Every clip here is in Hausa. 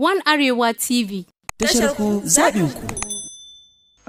One Arewa TV. Tashar ku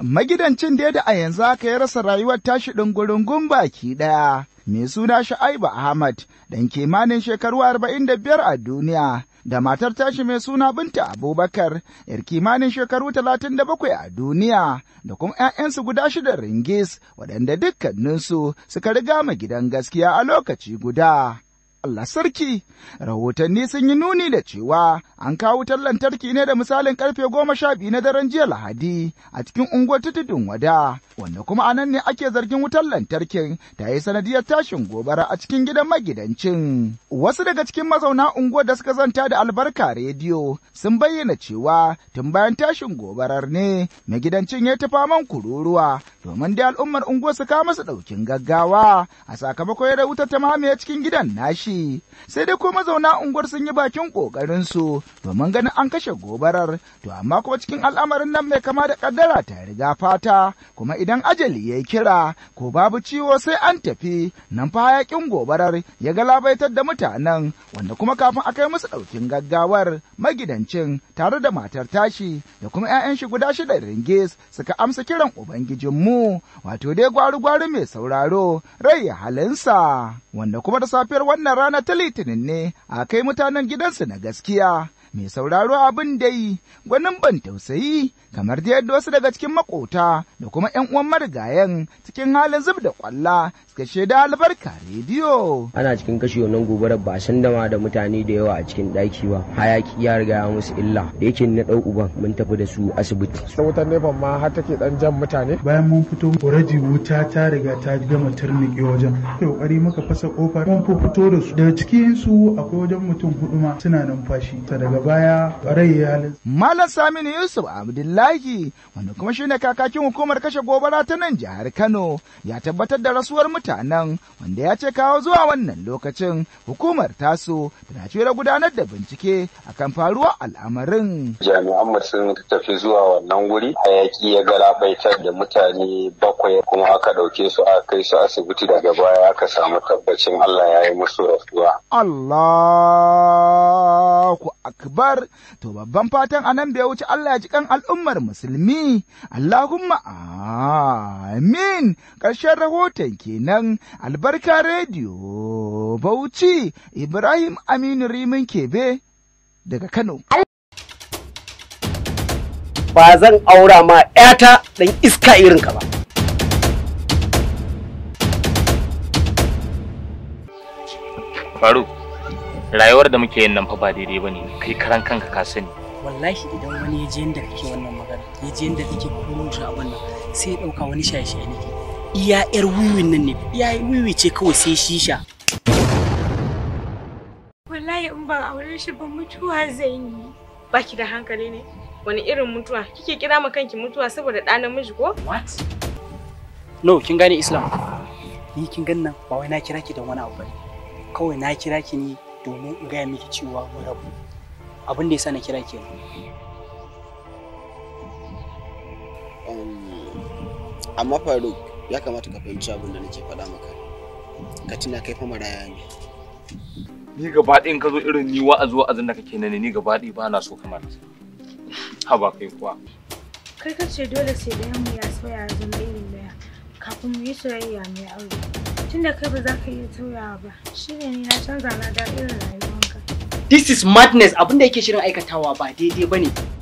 Magidancin da a yanzu haka yi rasa rayuwar tashi gumba baki ɗaya. Mai suna Sha'aiba Ahmad, ɗan kimanin shekaru arba'in da biyar a duniya, da matar tashi mai suna Binta Abubakar, ‘yar kimanin shekaru talatin da bakwai a duniya, da kuma ‘ya'yansu guda shida ringis, waɗanda dukkaninsu suka riga ma gidan gaskiya a lokaci guda. Allah sarki, rahotanni sun yi nuni da cewa an kawo wutar lantarki ne da misalin karfe goma sha biyu na daren jiya Lahadi a cikin unguwar tutudun wada, wanda kuma anan ne ake zargin wutar lantarkin ta yi sanadiyar tashin gobara a cikin gidan magidancin. Wasu daga cikin mazauna unguwar da suka zanta da albarka rediyo sun bayyana cewa tun bayan tashin gobarar ne magidancin ya tafa man kururuwa domin dai al'ummar unguwar su kawo masa ɗaukin gaggawa a sakamakon ya wuta ta mamaye cikin gidan nashi sai dai ko mazauna unguwar sun yi bakin ƙoƙarinsu, domin ganin an kashe gobarar to amma kuma cikin al'amarin nan mai kama da ƙaddara ta riga fata kuma idan ajali ya kira ko babu ciwo sai an tafi nan fa hayaƙin gobarar ya ga galabaitar da mutanen wanda kuma kafin a kai musu ɗaukin gaggawar magidancin tare da matar tashi da kuma 'ya'yan shi guda shida ringes suka amsa kiran ubangijinmu mu, wato dai gwari-gwari mai sauraro rai ya halinsa, wanda kuma da safiyar wannan rana ta litinin ne a kai mutanen gidansu na gaskiya. mai sauraro abin dai gwanin ban tausayi kamar da yadda wasu daga cikin makota da kuma 'yan uwan marigayen cikin halin zub da kwalla suka shaida albarka rediyo. Ana cikin kashi wannan gobara ba san dama da mutane da yawa a cikin ɗaki ba hayaki ya riga ya musu illa da yake na ɗau uban mun tafi da su asibiti. Ita wutar nefan ma har take ɗan jan mutane. Bayan mun fito kuraji wuta ta riga ta gama turnike wajen. Kokari muka fasa kofar mun fito da su daga cikin su akwai wajen mutum hudu ma suna numfashi ta daga baya ya Malam Saminu Yusuf Abdullahi wanda kuma shine kakakin hukumar kashe gobara ta nan jihar Kano ya tabbatar da rasuwar mutanen wanda ya ce kawo zuwa wannan lokacin hukumar taso tana cire gudanar da bincike a kan faruwar al'amarin. Jami'an mu sun tafi zuwa wannan wuri hayaki ya galabaitar da mutane bakwai kuma aka ɗauke su aka kai su asibiti daga baya aka samu tabbacin Allah ya yi musu rasuwa. Allah Allahu akbar to babban fatan anan bai wuce Allah ya ji kan al'ummar musulmi Allahumma amin ƙarshen rahoton kenan albarka rediyo Bauchi Ibrahim Aminu Rimin Kebe daga Kano ba zan aura ma 'yata dan iska irinka ba Faruk rayuwar da muke yin nan fa ba daidai bane kai karan kanka ka sani wallahi idan wani ya je inda kake wannan magana ya je inda kake kurun shi abin nan sai ya dauka wani shaye-shaye ne iya yar wiwin nan ne iya wiwi ce kawai sai shisha wallahi in ban aure shi ba mutuwa zan yi baki da hankali ne wani irin mutuwa kike kira ma kanki mutuwa saboda ɗa namiji ko what no kin gane islam ni kin gannan ba wai na kira ki don wani abu bane kawai na kira ki ne domin in gaya miki cewa mu rabu abin da ya sani na kira ke amma faruk ya kamata ka fahimci abin da nake faɗa maka ka tuna kai fa maraya ne ni gaba ɗin ka zo irin ni wa'azi wa'azin da kake nani ni gaba ɗin ba na so kamar ha ba kai kuwa kai ka ce dole sai da mu ya tsaya zama irin daya kafin mu yi soyayya mai aure tunda kai ba za ka iya juyawa ba shine ni na canza na da irin rayuwanka this is madness abinda yake shirin aikatawa ba daidai bane